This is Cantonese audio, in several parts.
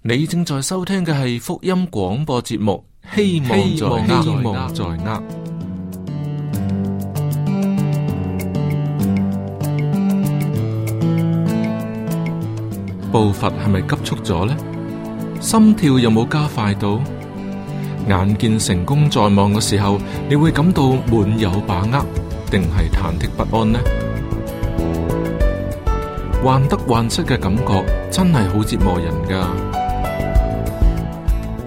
你正在收聽嘅係福音廣播節目，希望，希望在握。步伐係咪急促咗呢？心跳有冇加快到？眼見成功在望嘅時候，你會感到滿有把握，定係忐忑不安呢？患得患失嘅感覺真係好折磨人噶。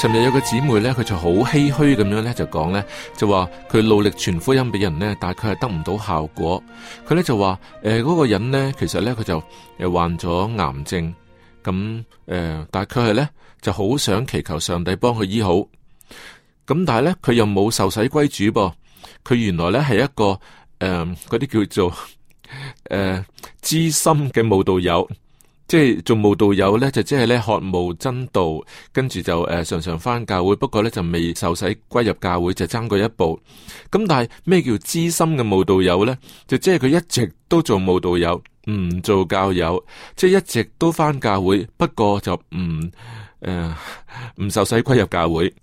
尋日有個姊妹咧，佢就好唏嘘咁樣咧就講咧，就話佢努力傳福音俾人咧，但係佢係得唔到效果。佢咧就話，誒、呃、嗰個人咧，其實咧佢就誒患咗癌症，咁誒、呃，但係佢係咧就好想祈求上帝幫佢醫好。咁但係咧，佢又冇受洗歸主噃，佢原來咧係一個誒嗰啲叫做誒資深嘅慕道友。即係做慕道友呢，就即係呢，渴慕真道，跟住就誒、呃、常常翻教會，不過呢，就未受洗歸入教會，就爭過一步。咁但係咩叫資深嘅慕道友呢？就即係佢一直都做慕道友，唔做教友，即係一直都翻教會，不過就唔誒唔受洗歸入教會。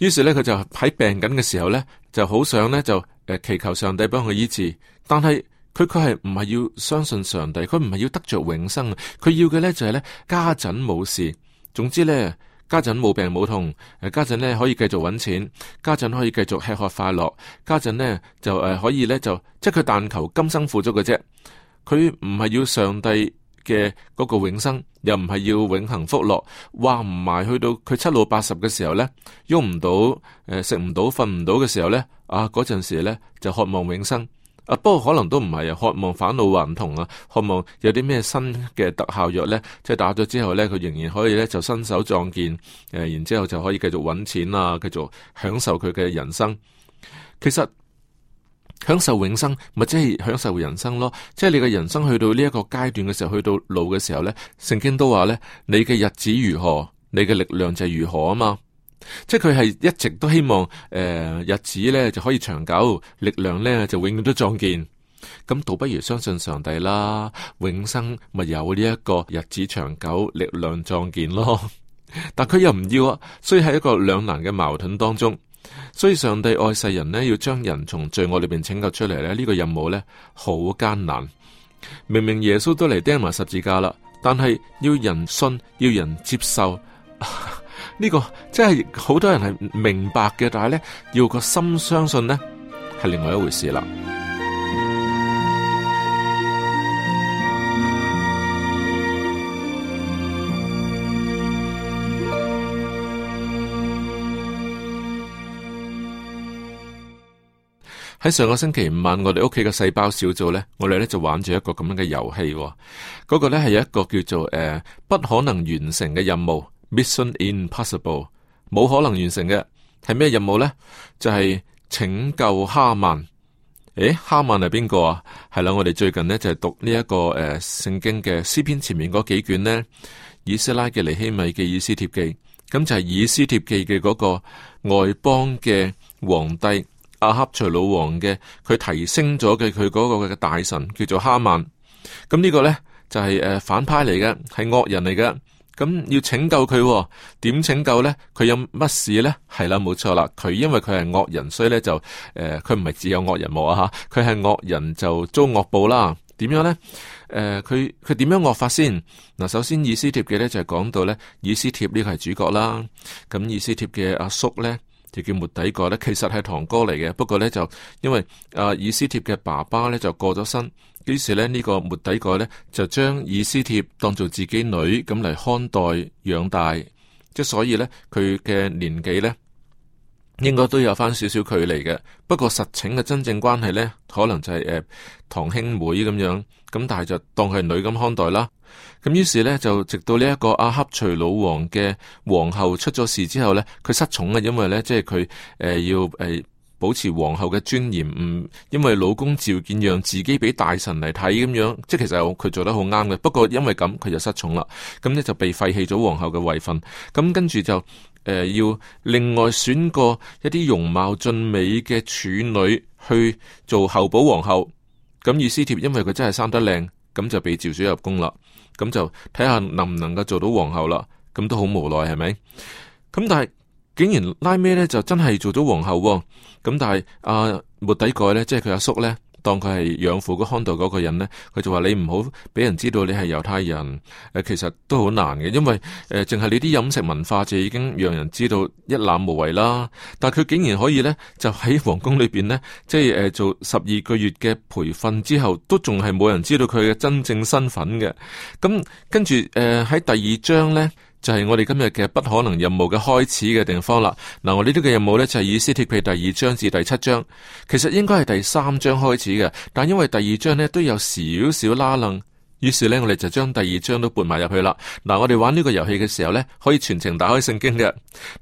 於是呢，佢就喺病緊嘅時候呢，就好想呢，就誒祈求上帝幫佢醫治，但係。佢佢係唔係要相信上帝？佢唔係要得着永生，佢要嘅咧就係咧家陣冇事，總之咧家陣冇病冇痛，誒家陣咧可以繼續搵錢，家陣可以繼續吃喝快樂，家陣咧就誒可以咧就即係佢但求今生富足嘅啫。佢唔係要上帝嘅嗰個永生，又唔係要永恒福樂，話唔埋去到佢七老八十嘅時候咧，喐唔到誒食唔到瞓唔到嘅時候咧，啊嗰陣時咧就渴望永生。啊，不過可能都唔係啊，渴望返老還童啊，渴望有啲咩新嘅特效藥呢？即係打咗之後呢，佢仍然可以呢就伸手撞見，誒、呃，然之後就可以繼續揾錢啊，繼續享受佢嘅人生。其實享受永生，咪即係享受人生咯，即係你嘅人生去到呢一個階段嘅時候，去到老嘅時候呢，聖經都話呢，你嘅日子如何，你嘅力量就如何啊嘛。即係佢係一直都希望誒、呃、日子咧，就可以長久，力量咧，就永遠都壯健。咁倒不如相信上帝啦，永生咪有呢一個日子長久，力量壯健咯。 但佢又唔要啊，所以喺一個兩難嘅矛盾當中。所以上帝愛世人呢，要將人從罪惡裏邊拯救出嚟咧，呢、這個任務呢，好艱難。明明耶穌都嚟釘埋十字架啦，但係要人信，要人接受。 呢、這個即係好多人係明白嘅，但係咧要個心相信呢，係另外一回事啦。喺 上個星期五晚，我哋屋企嘅細胞小組呢，我哋咧就玩住一個咁樣嘅遊戲、哦。嗰、那個咧係有一個叫做誒、呃、不可能完成嘅任務。Mission impossible，冇可能完成嘅係咩任務呢？就係、是、拯救哈曼。誒，哈曼係邊個啊？係啦，我哋最近呢就係、是、讀呢、這、一個誒聖、呃、經嘅詩篇前面嗰幾卷呢，以斯拉嘅尼希米嘅以斯帖記，咁就係以斯帖記嘅嗰個外邦嘅皇帝亞哈隨魯王嘅，佢提升咗嘅佢嗰個嘅大臣叫做哈曼。咁呢個呢，就係、是、誒反派嚟嘅，係惡人嚟嘅。咁要拯救佢，點拯救呢？佢有乜事呢？係啦，冇錯啦，佢因為佢係惡人，所以呢就誒，佢唔係只有惡人冇啊吓，佢係惡人就遭惡報啦。點樣呢？誒、呃，佢佢點樣惡法先？嗱，首先，以斯帖嘅咧就係講到咧，以斯帖呢個係主角啦。咁，以斯帖嘅阿叔咧。叫末底改咧，其實係堂哥嚟嘅，不過咧就因為阿、啊、以斯帖嘅爸爸咧就過咗身，於是咧呢、這個末底改咧就將以斯帖當做自己女咁嚟看待養大，即所以咧佢嘅年紀咧。應該都有返少少距離嘅，不過實情嘅真正關係呢，可能就係誒堂兄妹咁樣，咁但係就當佢係女咁看待啦。咁於是呢，就直到呢一個阿哈隨魯王嘅皇后出咗事之後呢，佢失寵啊，因為呢，即係佢誒要誒、呃、保持皇后嘅尊嚴，唔因為老公召見讓自己俾大臣嚟睇咁樣，即係其實佢做得好啱嘅。不過因為咁，佢就失寵啦。咁呢就被廢棄咗皇后嘅位份，咁跟住就。誒，要另外選個一啲容貌俊美嘅處女去做候補皇后。咁意思帖因為佢真係生得靚，咁就被召選入宮啦。咁就睇下能唔能夠做到皇后啦。咁都好無奈，係咪？咁但係竟然拉咩咧，就真係做咗皇后，哦。咁但係啊，末底改咧，即係佢阿叔咧。當佢係養父個看道嗰個人呢，佢就話，你唔好俾人知道你係猶太人。誒、呃，其實都好難嘅，因為誒、淨、呃、係你啲飲食文化就已經讓人知道一覽無遺啦。但係佢竟然可以呢，就喺皇宮裏邊呢，即係誒、呃、做十二個月嘅培訓之後，都仲係冇人知道佢嘅真正身份嘅。咁、嗯、跟住誒喺第二章呢，就係我哋今日嘅不可能任務嘅開始嘅地方啦。嗱，我呢啲嘅任務咧就係以 CTP 第二章至第七章，其實應該係第三章開始嘅，但因為第二章咧都有少少拉楞。於是咧，我哋就將第二章都撥埋入去啦。嗱，我哋玩呢個遊戲嘅時候咧，可以全程打開聖經嘅。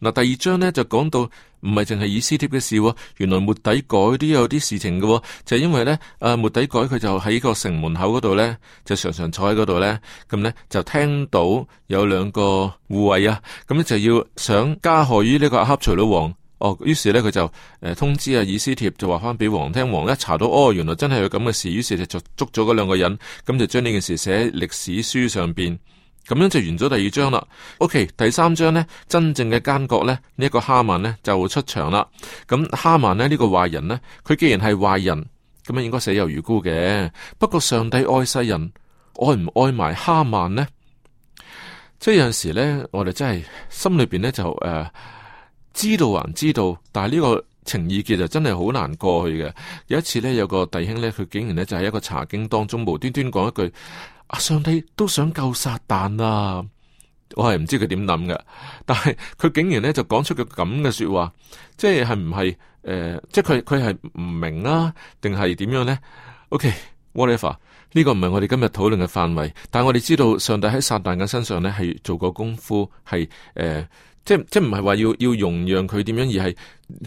嗱，第二章咧就講到，唔係淨係以斯帖嘅事、哦，原來末底改都有啲事情嘅、哦。就是、因為咧，誒、啊，末底改佢就喺個城門口嗰度咧，就常常坐喺嗰度咧，咁咧就聽到有兩個護衛啊，咁咧就要想加害於呢個亞哈隨魯王。哦，於是咧佢就誒、呃、通知啊，以斯帖就話翻俾王聽，王一查到，哦，原來真係有咁嘅事，於是就捉捉咗嗰兩個人，咁就將呢件事寫喺歷史書上邊，咁樣就完咗第二章啦。OK，第三章呢，真正嘅奸角呢，呢、這、一個哈曼呢就出場啦。咁哈曼呢，呢、這個壞人呢，佢既然係壞人，咁樣應該死有餘辜嘅。不過上帝愛世人，愛唔愛埋哈曼呢？即係有陣時呢，我哋真係心裏邊呢就誒。呃知道還知道，但係呢個情意結就真係好難過去嘅。有一次咧，有個弟兄咧，佢竟然咧就喺一個查經當中無端端講一句，阿、啊、上帝都想救撒旦啊！我係唔知佢點諗嘅，但係佢竟然咧就講出個咁嘅說話，即係係唔係？誒、呃，即係佢佢係唔明啊，定係點樣咧？OK，whatever，呢 okay, whatever, 個唔係我哋今日討論嘅範圍，但係我哋知道上帝喺撒旦嘅身上咧係做過功夫，係誒。呃即即唔係話要要容讓佢點樣，而係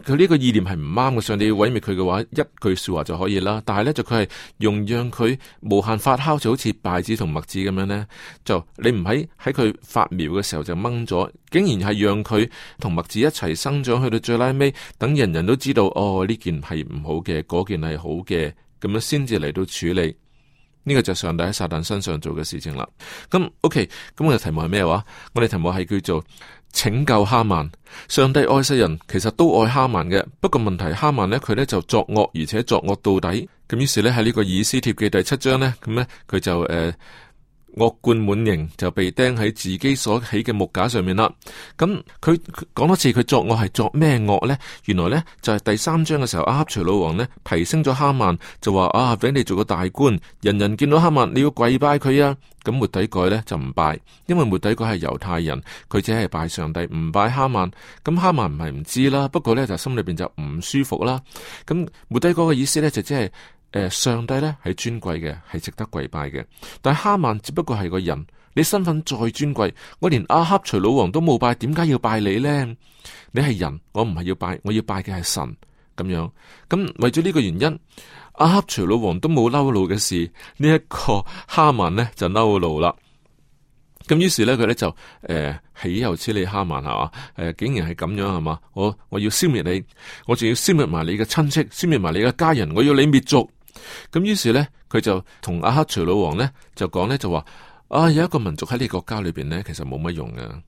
佢呢個意念係唔啱嘅。上帝要毀滅佢嘅話，一句說話就可以啦。但係呢，就佢係容讓佢無限發酵，就好似稗子同麥子咁樣呢，就你唔喺喺佢發苗嘅時候就掹咗，竟然係讓佢同麥子一齊生長，去到最拉尾，尾，等人人都知道，哦，呢件係唔好嘅，嗰件係好嘅，咁樣先至嚟到處理。呢、這個就上帝喺撒旦身上做嘅事情啦。咁 OK，咁我哋題目係咩話？我哋題目係叫做。拯救哈曼，上帝愛世人，其實都愛哈曼嘅。不過問題，哈曼呢，佢呢就作惡，而且作惡到底。咁於是呢，喺呢、這個以斯帖記第七章呢，咁、嗯、呢，佢就誒。呃惡貫滿盈就被釘喺自己所起嘅木架上面啦。咁佢講多次佢作惡係作咩惡呢？原來呢，就係、是、第三章嘅時候，阿、啊、哈隨魯王呢，提升咗哈曼，就話啊俾你做個大官，人人見到哈曼你要跪拜佢啊。咁末底改呢，就唔拜，因為末底改係猶太人，佢只係拜上帝，唔拜哈曼。咁哈曼唔係唔知啦，不過呢，就心裏邊就唔舒服啦。咁末底改嘅意思呢，就即係。誒，上帝咧係尊貴嘅，係值得跪拜嘅。但係哈曼只不過係個人，你身份再尊貴，我連阿克徐老王都冇拜，點解要拜你呢？你係人，我唔係要拜，我要拜嘅係神咁樣。咁為咗呢個原因，阿克徐老王都冇嬲怒嘅事，呢、這、一個哈曼呢，就嬲怒啦。咁於是呢，佢咧就誒，豈有此理，哈曼係嘛？誒、呃，竟然係咁樣係嘛？我我要消滅你，我仲要消滅埋你嘅親戚，消滅埋你嘅家人，我要你滅族。咁於是呢，佢就同阿黑除老王呢，就講呢，就話。啊！有一個民族喺呢個國家裏邊咧，其實冇乜用噶。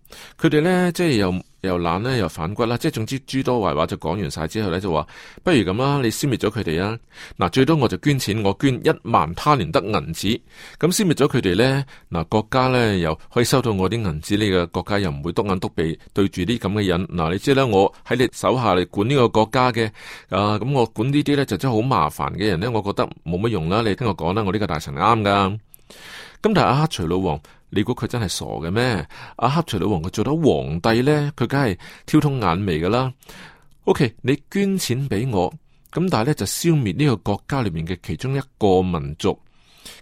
佢哋咧，即係又又懶咧，又反骨啦。即係總之諸多壞話就講完晒之後咧，就話不如咁啦，你消滅咗佢哋啦。嗱、啊，最多我就捐錢，我捐一萬他連得銀紙。咁消滅咗佢哋咧，嗱、啊、國家咧又可以收到我啲銀紙。呢、啊、個國家又唔會篤眼篤鼻，對住啲咁嘅人。嗱，你知啦，我喺你手下嚟，管呢個國家嘅。啊，咁我管呢啲咧就真係好麻煩嘅人咧，我覺得冇乜用啦。你聽我講啦，我呢個大臣啱噶。咁但係阿黑除老王，你估佢真係傻嘅咩？阿黑除老王佢做到皇帝咧，佢梗係挑通眼眉噶啦。OK，你捐錢俾我，咁但係咧就消滅呢個國家裏面嘅其中一個民族。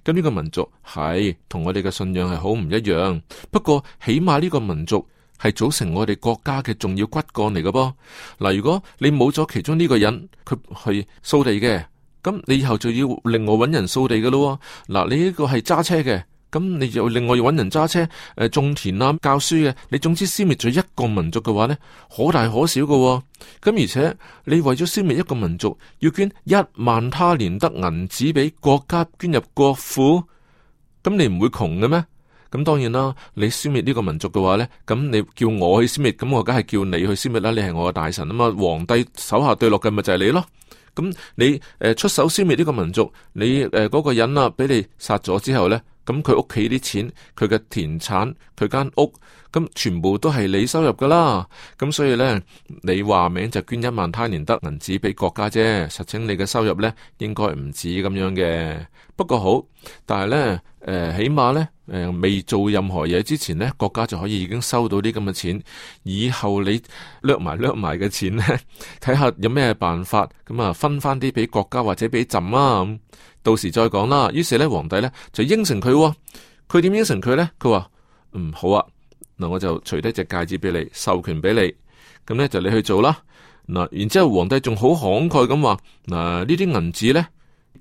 咁呢個民族係同我哋嘅信仰係好唔一樣。不過起碼呢個民族係組成我哋國家嘅重要骨幹嚟嘅噃。嗱，如果你冇咗其中呢個人，佢係掃地嘅，咁你以後就要另外揾人掃地嘅咯。嗱，你呢個係揸車嘅。咁你又另外要揾人揸車，誒種田啊、教書嘅、啊，你總之消滅咗一個民族嘅話呢，可大可小噶、哦。咁而且你為咗消滅一個民族，要捐一萬他連得銀子俾國家捐入國庫，咁你唔會窮嘅咩？咁當然啦，你消滅呢個民族嘅話呢，咁你叫我去消滅，咁我梗係叫你去消滅啦。你係我嘅大臣啊嘛，皇帝手下對落嘅咪就係你咯。咁你誒出手消滅呢個民族，你誒嗰個人啊俾你殺咗之後呢。咁佢屋企啲錢，佢嘅田產，佢間屋，咁全部都係你收入噶啦。咁所以呢，你話名就捐一萬泰年德銀紙俾國家啫。實情你嘅收入呢應該唔止咁樣嘅。不過好，但係呢，誒、呃，起碼呢，誒、呃，未做任何嘢之前呢，國家就可以已經收到啲咁嘅錢。以後你掠埋掠埋嘅錢呢，睇下有咩辦法咁啊，分翻啲俾國家或者俾朕啊。到時再講啦。於是咧，皇帝咧就應承佢，佢點應承佢咧？佢話：嗯，好啊，嗱，我就除低隻戒指俾你，授權俾你，咁咧就你去做啦。嗱，然之後皇帝仲好慷慨咁話：嗱、啊，銀紙呢啲銀紙咧，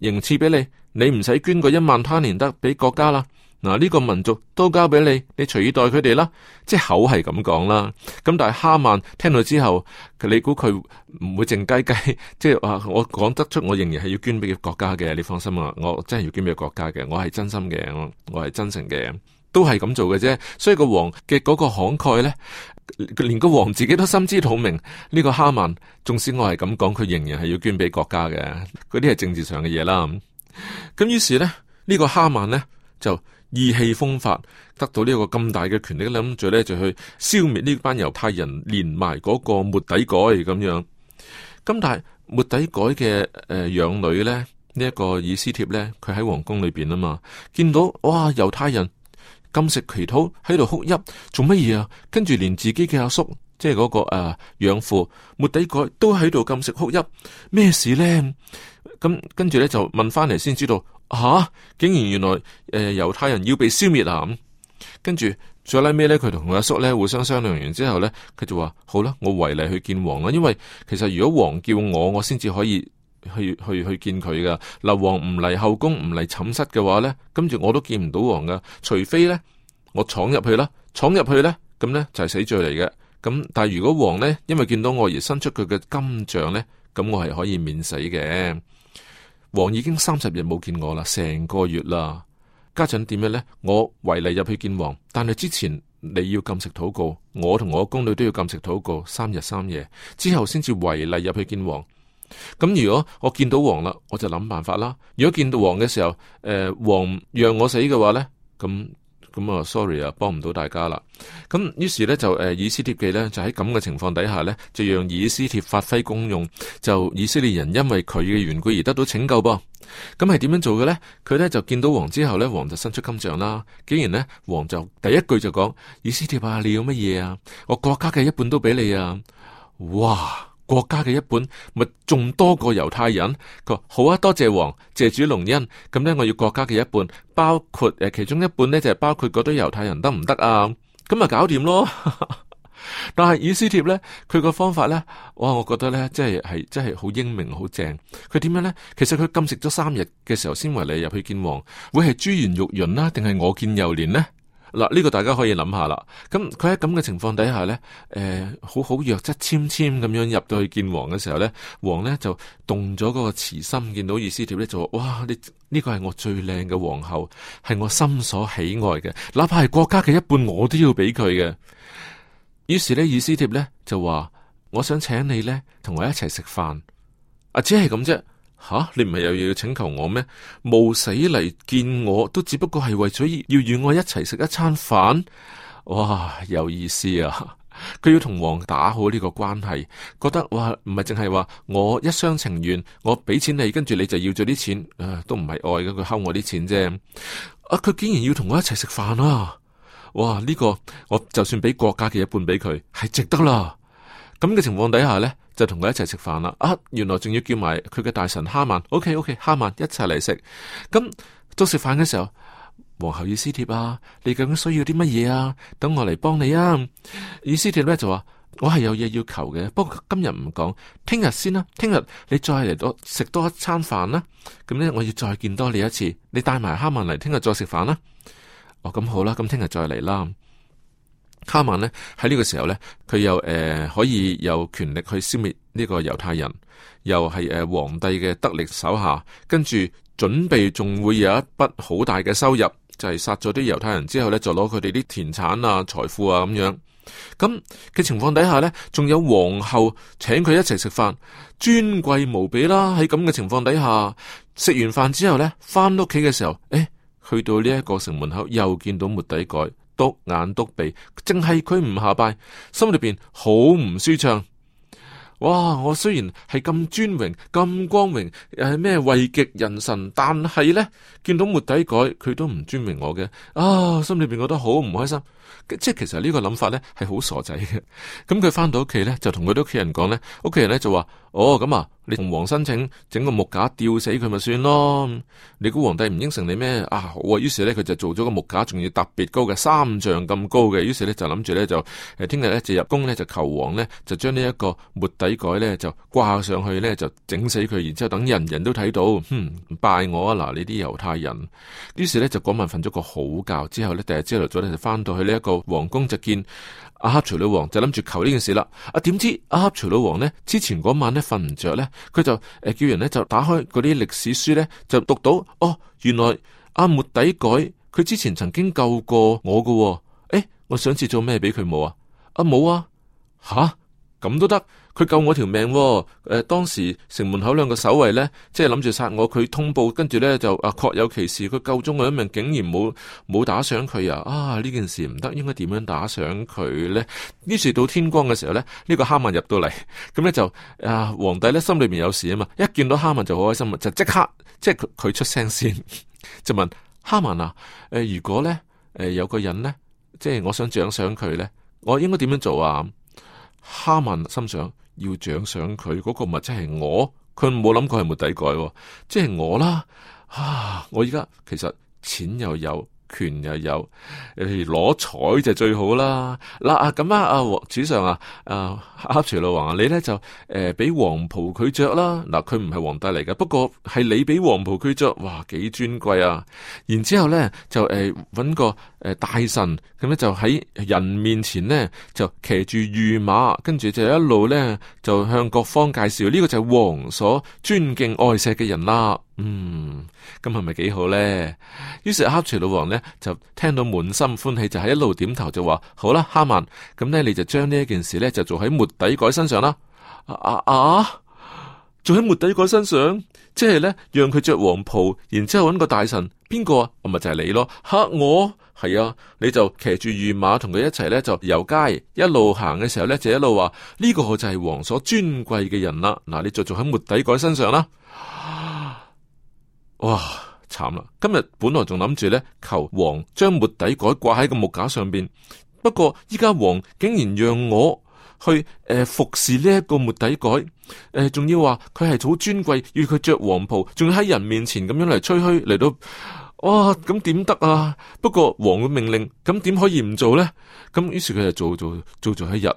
仍賜俾你，你唔使捐個一萬他年得俾國家啦。嗱，呢個民族都交俾你，你隨意待佢哋啦。即係口係咁講啦。咁但係哈曼聽到之後，你估佢唔會靜雞雞？即係話我講得出，我仍然係要捐俾國家嘅，你放心啊！我真係要捐俾國家嘅，我係真心嘅，我我係真誠嘅，都係咁做嘅啫。所以個王嘅嗰個慷慨呢，連個王自己都心知肚明。呢個哈曼，縱使我係咁講，佢仍然係要捐俾國家嘅。嗰啲係政治上嘅嘢啦。咁於是呢，呢個哈曼呢，就意氣風發，得到呢一個咁大嘅權力，諗住咧就去消滅呢班猶太人，連埋嗰個末底改咁樣。咁但係末底改嘅誒養女咧，呢、這、一個以斯帖咧，佢喺皇宮裏邊啊嘛，見到哇猶太人禁食祈禱喺度哭泣，做乜嘢啊？跟住連自己嘅阿叔，即係嗰、那個誒養、呃、父末底改都喺度禁食哭泣，咩事咧？咁、嗯、跟住咧就問翻嚟先知道。吓、啊！竟然原來誒呃、猶太人要被消滅啊咁，跟住最後尾咧？佢同阿叔咧互相商量完之後咧，佢就話：好啦，我圍嚟去見王啦，啊。因為其實如果王叫我，我先至可以去去去見佢噶。嗱，王唔嚟後宮，唔嚟寢室嘅話咧，跟住我都見唔到王噶。除非咧，我闖入去啦，闖入去咧，咁咧就係死罪嚟嘅。咁但係如果王咧，因為見到我而伸出佢嘅金杖咧，咁我係可以免死嘅。王已經三十日冇見我啦，成個月啦。家陣點樣呢？我違例入去見王，但係之前你要禁食禱告，我同我嘅宮女都要禁食禱告三日三夜，之後先至違例入去見王。咁、嗯、如果我見到王啦，我就諗辦法啦。如果見到王嘅時候，誒、呃，王讓我死嘅話呢？咁、嗯。嗯咁啊，sorry 啊，幫唔到大家啦。咁於是咧就誒以斯帖記咧就喺咁嘅情況底下咧，就讓以斯帖發揮功用，就以色列人因為佢嘅緣故而得到拯救噃。咁係點樣做嘅咧？佢咧就見到王之後咧，王就伸出金杖啦。竟然咧，王就第一句就講：以斯帖啊，你要乜嘢啊？我國家嘅一半都俾你啊！哇！國家嘅一半，咪仲多過猶太人。佢話好啊，多謝王，謝主隆恩。咁咧，我要國家嘅一半，包括誒其中一半咧，就係、是、包括嗰堆猶太人得唔得啊？咁咪搞掂咯。 但係以斯帖咧，佢個方法咧，哇，我覺得咧，即係係真係好英明，好正。佢點樣咧？其實佢禁食咗三日嘅時候，先為你入去見王，會係珠圓玉潤啦，啊，定係我見猶憐咧？嗱，呢個大家可以諗下啦。咁佢喺咁嘅情況底下呢，誒、呃，好好弱質纖纖咁樣入到去見王嘅時候呢，王呢就動咗嗰個慈心，見到以斯帖呢，就話：哇，你呢、這個係我最靚嘅皇后，係我心所喜愛嘅，哪怕係國家嘅一半，我都要俾佢嘅。於是呢，以斯帖呢就話：我想請你呢同我一齊食飯啊，只係咁啫。吓、啊，你唔係又要請求我咩？冒死嚟見我都只不過係為咗要與我一齊食一餐飯，哇，有意思啊！佢要同王打好呢個關係，覺得哇，唔係淨係話我一廂情願，我俾錢你，跟住你就要咗啲錢，都唔係愛嘅，佢敲我啲錢啫。啊，佢、啊、竟然要同我一齊食飯啊！哇，呢、這個我就算俾國家嘅一半俾佢，係值得啦。咁嘅情況底下呢，就同佢一齊食飯啦。啊，原來仲要叫埋佢嘅大臣哈曼。OK OK，哈曼一齊嚟食。咁到食飯嘅時候，皇后以斯帖啊，你究竟需要啲乜嘢啊？等我嚟幫你啊。以斯帖咧就話：我係有嘢要求嘅，不過今日唔講，聽日先啦、啊。聽日你再嚟多食多一餐飯啦。咁呢，我要再見多你一次。你帶埋哈曼嚟聽日再食飯啦。哦，咁好啦，咁聽日再嚟啦。卡曼咧喺呢個時候呢，佢又誒、呃、可以有權力去消滅呢個猶太人，又係誒、呃、皇帝嘅得力手下，跟住準備仲會有一筆好大嘅收入，就係殺咗啲猶太人之後呢，就攞佢哋啲田產啊、財富啊咁樣。咁嘅情況底下呢，仲有皇后請佢一齊食飯，尊貴無比啦。喺咁嘅情況底下，食完飯之後呢，返屋企嘅時候，誒、欸，去到呢一個城門口又見到末底改。篤眼篤鼻，淨係佢唔下拜，心裏邊好唔舒暢。哇！我雖然係咁尊榮咁光榮，又係咩位極人臣，但係咧見到末底改，佢都唔尊榮我嘅。啊，心裏邊覺得好唔開心。即係其實個呢個諗法咧係好傻仔嘅。咁佢翻到屋企咧就同佢啲屋企人講咧，屋企人咧就話：哦咁啊。你同王申請整個木架吊死佢咪算咯？你估皇帝唔應承你咩？啊好啊！於是咧佢就做咗個木架，仲要特別高嘅三丈咁高嘅。於是咧就諗住咧就誒，聽日咧就入宮咧就求王咧就將呢一個末底改咧就掛上去咧就整死佢，然之後等人人都睇到，哼，拜我啊！嗱，你啲猶太人，於是咧就嗰晚瞓咗個好覺，之後咧第日朝頭早咧就翻到去呢一個皇宮就見。阿黑除老王就諗住求呢件事啦，阿點知阿黑除老王咧之前嗰晚咧瞓唔着咧，佢就誒、呃、叫人咧就打開嗰啲歷史書咧就讀到哦，原來阿、啊、末底改佢之前曾經救過我噶、哦，誒，我上次做咩俾佢冇啊？阿冇啊？吓、啊？咁都得，佢救我條命，啊。誒、呃，當時城門口兩個守衛呢，即係諗住殺我，佢通報，跟住呢，就啊確有其事。佢救咗我一命，竟然冇冇打賞佢啊！啊呢件事唔得，應該點樣打賞佢呢？於是到天光嘅時候呢，呢、這個哈曼入到嚟，咁呢，就啊皇帝呢，心裏面有事啊嘛，一見到哈曼就好開心 啊，就即刻即係佢佢出聲先，就問哈曼啊，誒如果呢，誒、呃、有個人呢，即係我想獎賞佢呢，我應該點樣做啊？哈文心想，要獎賞佢嗰個物質係我，佢冇諗過係冇底蓋，即係我啦！啊，我而家其實錢又有。權又有，攞彩就最好啦。嗱啊，咁啊，阿黃主上啊，阿、啊、阿徐老王啊，你咧就誒俾黃袍佢着啦。嗱、啊，佢唔係皇帝嚟嘅，不過係你俾黃袍佢着，哇，幾尊貴啊！然之後咧就誒搵、呃、個誒、呃、大臣，咁、嗯、咧就喺人面前呢，就騎住御馬，跟住就一路咧就向各方介紹，呢、這個就係皇所尊敬愛錫嘅人啦。嗯，咁係咪幾好咧？於是阿徐老王咧。就聽到滿心歡喜，就係一路點頭就話好啦，哈曼，咁呢你就將呢一件事呢，就做喺末底改身上啦，啊啊，啊，做喺末底改身上，即係呢，讓佢着黃袍，然之後揾個大臣邊個啊？咪就係你咯。吓，我係啊，你就騎住御馬同佢一齊呢，就遊街，一路行嘅時候呢，就一路話呢、呢個就係王所尊貴嘅人啦。嗱，你就做喺末底改身上啦、啊，哇！慘啦！今日本來仲諗住咧，求王將末底改掛喺個木架上邊。不過依家王竟然讓我去誒、呃、服侍呢一個末底改，誒、呃、仲要話佢係好尊貴，要佢着黃袍，仲要喺人面前咁樣嚟吹噓嚟到，啊咁點得啊？不過王嘅命令，咁點可以唔做呢？咁於是佢就做做做咗一日，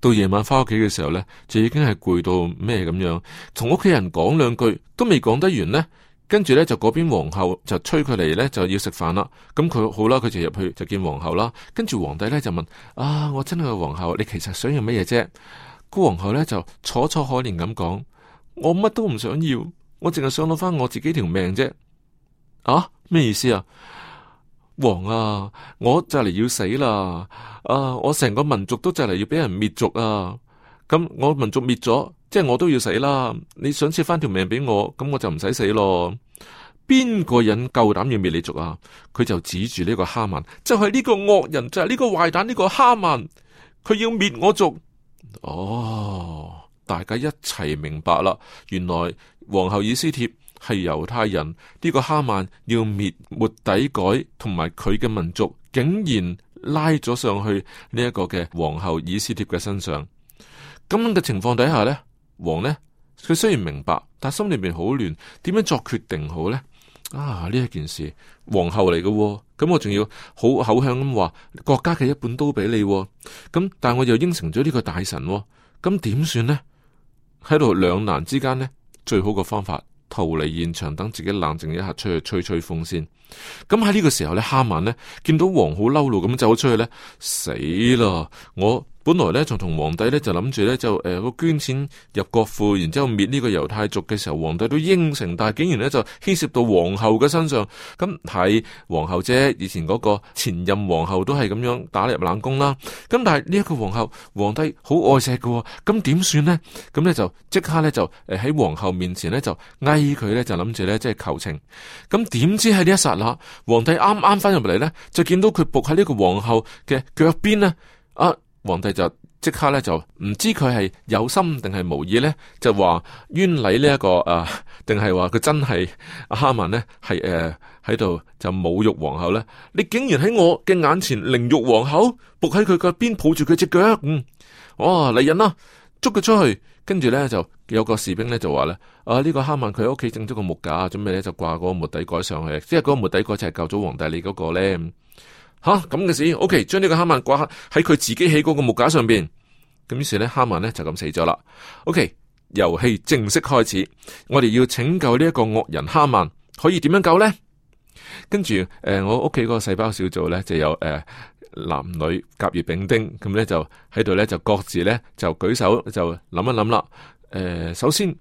到夜晚翻屋企嘅時候咧，就已經係攰到咩咁樣，同屋企人講兩句都未講得完呢。跟住咧就嗰邊皇后就催佢嚟咧就要食飯啦。咁佢好啦，佢就入去就見皇后啦。跟住皇帝咧就問：啊，我真係個皇后，你其實想要乜嘢啫？個皇后咧就楚楚可憐咁講：我乜都唔想要，我淨係想攞翻我自己條命啫。啊，咩意思啊？王啊，我就嚟要死啦！啊，我成個民族都就嚟要俾人滅族啊！咁我民族滅咗。即係我都要死啦！你想賜翻條命俾我，咁我就唔使死咯。邊個人夠膽要滅你族啊？佢就指住呢個哈曼，就係呢個惡人，就係呢個壞蛋，呢個哈曼，佢要滅我族。哦，大家一齊明白啦！原來皇后以斯帖係猶太人，呢個哈曼要滅末底改同埋佢嘅民族，竟然拉咗上去呢一個嘅皇后以斯帖嘅身上。咁樣嘅情況底下呢。王呢？佢雖然明白，但心裏面好亂，點樣作決定好呢？啊，呢一件事皇后嚟嘅，哦、咁、嗯、我仲要好口香咁話，國家嘅一半都俾你，哦、咁、嗯、但係我又應承咗呢個大臣，哦、咁、嗯、點、嗯、算呢？喺度兩難之間呢，最好嘅方法逃離現場，等自己冷靜一下，出去吹吹風先。咁喺呢個時候呢，哈曼呢見到王好嬲怒咁走出去呢，死啦我！本來咧就同皇帝咧就諗住咧就誒個捐錢入國庫，然之後滅呢個猶太族嘅時候，皇帝都應承，但係竟然咧就牽涉到皇后嘅身上。咁、嗯、係皇后啫，以前嗰個前任皇后都係咁樣打入冷宮啦。咁但係呢一個皇后，皇帝好愛錫㗎、哦、咁、嗯、點算呢？咁、嗯、咧就即刻咧就誒喺皇后面前咧就哀佢咧就諗住咧即係求情。咁、嗯、點知喺呢一剎那，皇帝啱啱翻入嚟咧，就見到佢伏喺呢個皇后嘅腳邊咧，啊！皇帝就即刻咧就唔知佢係有心定係無意咧，就話冤禮呢一個誒，定係話佢真係哈曼呢係誒喺度就侮辱皇后咧？你竟然喺我嘅眼前凌辱皇后，伏喺佢腳邊抱住佢隻腳，嗯，哇、啊，嚟人啦、啊，捉佢出去，跟住咧就有個士兵咧就話咧啊呢、這個哈曼佢喺屋企整咗個木架，準備咧就掛嗰個末底改上去，即係嗰個末底改就係救咗皇帝你嗰個咧。吓，咁嘅事，OK，將呢個哈曼掛喺佢自己起嗰個木架上邊，咁於是呢，哈曼呢就咁死咗啦。OK，遊戲正式開始，我哋要拯救呢一個惡人哈曼，可以點樣救呢？跟住誒，我屋企嗰個細胞小組呢就有誒、呃、男女甲乙丙丁，咁呢就喺度呢，就各自呢，就舉手就諗一諗啦。誒、呃，首先呢、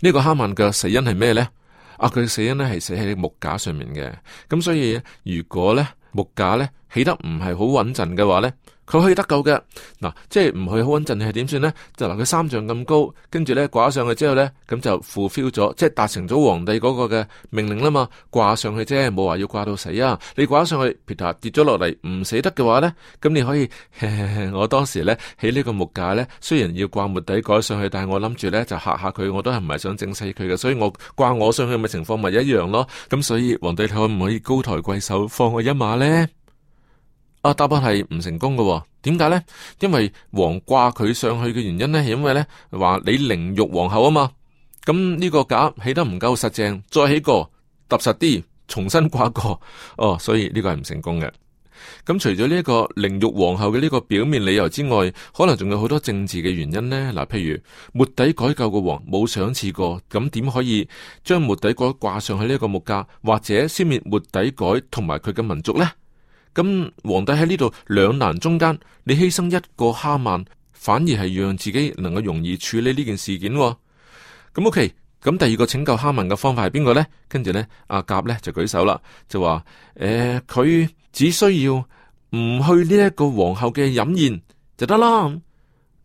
呢個哈曼嘅死因係咩呢？啊，佢死因呢係死喺木架上面嘅，咁所以如果呢……木架咧起得唔係好穩陣嘅話咧。佢可以得救嘅，嗱，即係唔去穩陣，係點算咧？就嗱，佢三丈咁高，跟住咧掛上去之後咧，咁就 fulfill 咗，即係達成咗皇帝嗰個嘅命令啦嘛。掛上去啫，冇話要掛到死啊！你掛上去，下跌咗落嚟唔死得嘅話咧，咁你可以，嘿嘿嘿，我當時咧起呢個木架咧，雖然要掛末底改上去，但係我諗住咧就吓下佢，我都係唔係想整死佢嘅，所以我掛我上去嘅情況咪一樣咯。咁所以皇帝睇可唔可以高抬貴手放我一馬咧？啊！答案係唔成功噶，點解呢？因為王掛佢上去嘅原因呢，係因為呢話你凌辱皇后啊嘛。咁呢個架起得唔夠實正，再起過踏實啲，重新掛過哦。所以呢個係唔成功嘅。咁、嗯、除咗呢一個凌辱皇后嘅呢個表面理由之外，可能仲有好多政治嘅原因呢。嗱，譬如末底改救嘅王冇賞賜過，咁點可以將末底改掛上去呢一個木架，或者消滅末底改同埋佢嘅民族呢？咁皇帝喺呢度兩難中間，你犧牲一個哈曼，反而係讓自己能夠容易處理呢件事件，哦。咁 OK，咁第二個拯救哈曼嘅方法係邊個呢？跟住呢，阿甲呢就舉手啦，就話：誒，呃，佢只需要唔去呢一個皇后嘅飲宴就得啦。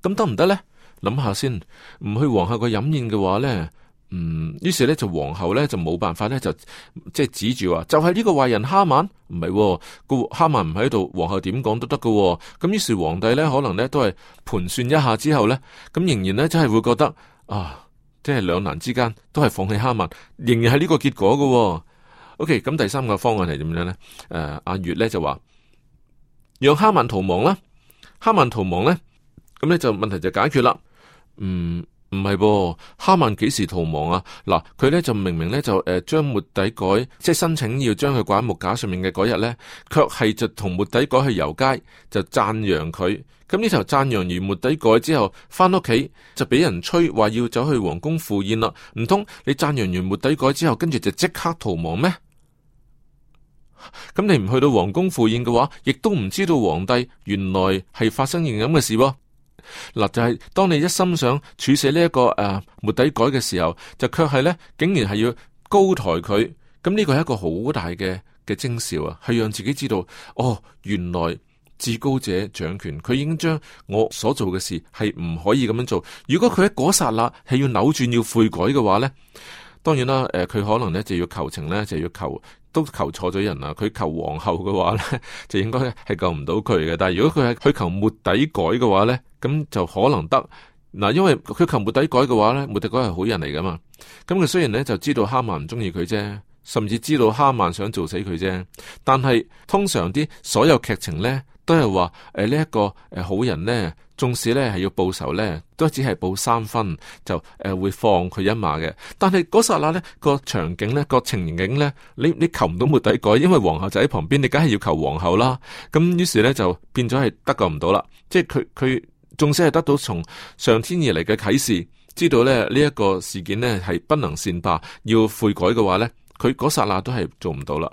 咁得唔得呢？諗下先，唔去皇后嘅飲宴嘅話呢。嗯，於是咧就皇后咧就冇辦法咧就即係、就是、指住話就係、是、呢個壞人哈曼，唔係個哈曼唔喺度，皇后點講都得噶、哦。咁於是皇帝咧可能咧都係盤算一下之後咧，咁、嗯、仍然咧真係會覺得啊，即係兩難之間都係放棄哈曼，仍然係呢個結果噶、哦。OK，咁、嗯、第三個方案係點樣咧？誒、呃，阿月咧就話讓哈曼逃亡啦，哈曼逃亡咧，咁咧就問題就解決啦。嗯。唔係噃，哈曼幾時逃亡啊？嗱，佢咧就明明咧就誒將末底改即係申請要將佢掛喺木架上面嘅嗰日咧，卻係就同末底改去遊街，就讚揚佢。咁呢頭讚揚完末底改之後，返屋企就俾人催，話要走去皇宮赴宴啦。唔通你讚揚完末底改之後，跟住就即刻逃亡咩？咁你唔去到皇宮赴宴嘅話，亦都唔知道皇帝原來係發生認咁嘅事喎、啊。嗱、啊，就係、是、當你一心想處死呢、這、一個誒末、啊、底改嘅時候，就卻係咧，竟然係要高抬佢，咁呢個係一個好大嘅嘅徵兆啊！係讓自己知道，哦，原來至高者掌權，佢已經將我所做嘅事係唔可以咁樣做。如果佢喺嗰剎那係要扭轉要悔改嘅話咧，當然啦，誒、啊，佢可能咧就要求情咧，就要求。都求錯咗人啦！佢求皇后嘅話呢， 就應該係救唔到佢嘅。但係如果佢係去求末底改嘅話呢，咁就可能得嗱，因為佢求末底改嘅話呢，末底改係好人嚟噶嘛。咁佢雖然呢就知道哈曼唔中意佢啫，甚至知道哈曼想做死佢啫，但係通常啲所有劇情呢，都係話誒呢一個誒、呃、好人呢。縱使咧係要報仇咧，都只係報三分，就誒、呃、會放佢一馬嘅。但係嗰剎那咧個場景咧個情景咧，你你求唔到末底改，因為皇后就喺旁邊，你梗係要求皇后啦。咁於是咧就變咗係得救唔到啦。即係佢佢縱使係得到從上天而嚟嘅啟示，知道咧呢一、這個事件咧係不能善罷，要悔改嘅話咧，佢嗰剎那都係做唔到啦。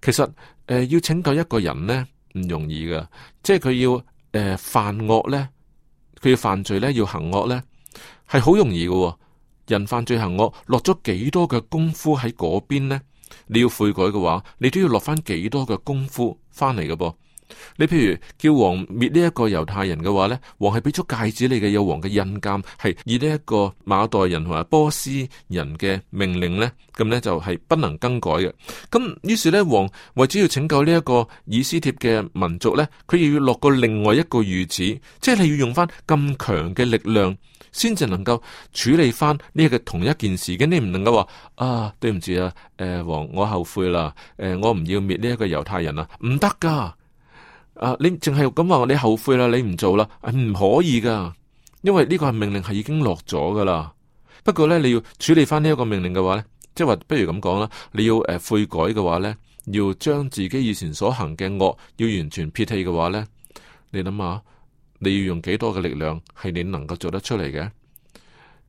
其實誒、呃、要拯救一個人咧唔容易噶，即係佢要。誒、呃，犯惡咧，佢犯罪咧，要行惡咧，係好容易嘅、哦。人犯罪行惡，落咗幾多嘅功夫喺嗰邊咧？你要悔改嘅話，你都要落翻幾多嘅功夫翻嚟嘅噃。你譬如叫王滅呢一個猶太人嘅話呢，王係俾咗戒指你嘅，有王嘅印鑒係以呢一個馬代人同埋波斯人嘅命令呢。咁呢就係不能更改嘅。咁於是呢，王為咗要拯救呢一個以斯帖嘅民族呢，佢又要落個另外一個御旨，即係你要用翻咁強嘅力量先至能夠處理翻呢一個同一件事嘅。你唔能夠話啊，對唔住啊，誒、呃、王，我後悔啦，誒、呃、我唔要滅呢一個猶太人啊，唔得噶。啊！你淨係咁話你後悔啦，你唔做啦，啊，唔可以噶，因為呢個係命令，係已經落咗噶啦。不過呢，你要處理翻呢一個命令嘅話呢，即係話不如咁講啦，你要誒悔改嘅話呢，要將自己以前所行嘅惡要完全撇棄嘅話呢，你諗下，你要用幾多嘅力量係你能夠做得出嚟嘅？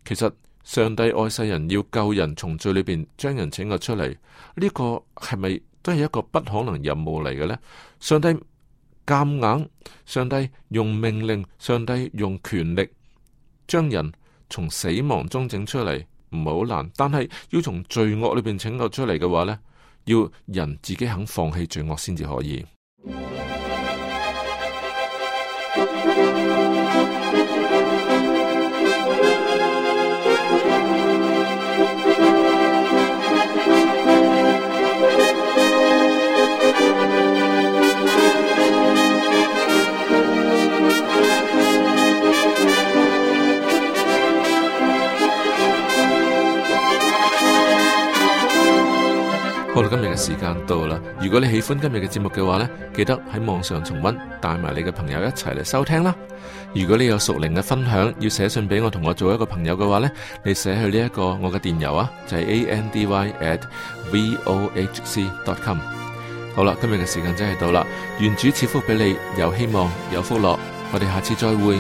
其實上帝愛世人，要救人從罪裏邊將人拯救出嚟，呢個係咪都係一個不可能任務嚟嘅呢？上帝，夾硬，上帝用命令，上帝用權力，將人從死亡中整出嚟，唔係好難。但係要從罪惡裏邊拯救出嚟嘅話呢，要人自己肯放棄罪惡先至可以。好啦，今日嘅時間到啦。如果你喜歡今日嘅節目嘅話呢，記得喺網上重溫，帶埋你嘅朋友一齊嚟收聽啦。如果你有屬靈嘅分享，要寫信俾我，同我做一個朋友嘅話呢，你寫去呢、這、一個我嘅電郵啊，就係、是、andy at vohc dot com。好啦，今日嘅時間真係到啦，願主賜福俾你，有希望，有福樂。我哋下次再會。